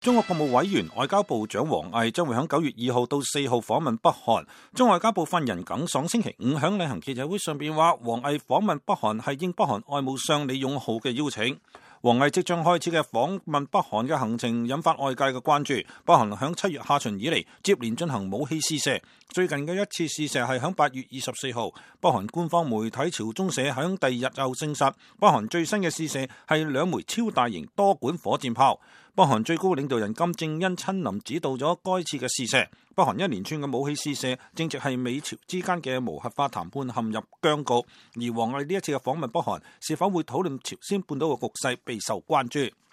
中國國務委員、外交部長王毅將會喺九月二號到四號訪問北韓。中外交部發言人耿爽星期五喺例行記者會上邊話，王毅訪問北韓係應北韓外務相李勇浩嘅邀請。王毅即將開始嘅訪問北韓嘅行程引發外界嘅關注。北韓喺七月下旬以嚟接連進行武器試射，最近嘅一次試射係喺八月二十四號。北韓官方媒體朝中社喺第二日就證實，北韓最新嘅試射係兩枚超大型多管火箭炮。北韓最高領導人金正恩親臨指導咗該次嘅試射，北韓一連串嘅武器試射，正值係美朝之間嘅無核化談判陷入僵局，而王毅呢一次嘅訪問北韓，是否會討論朝鮮半島嘅局勢備受關注。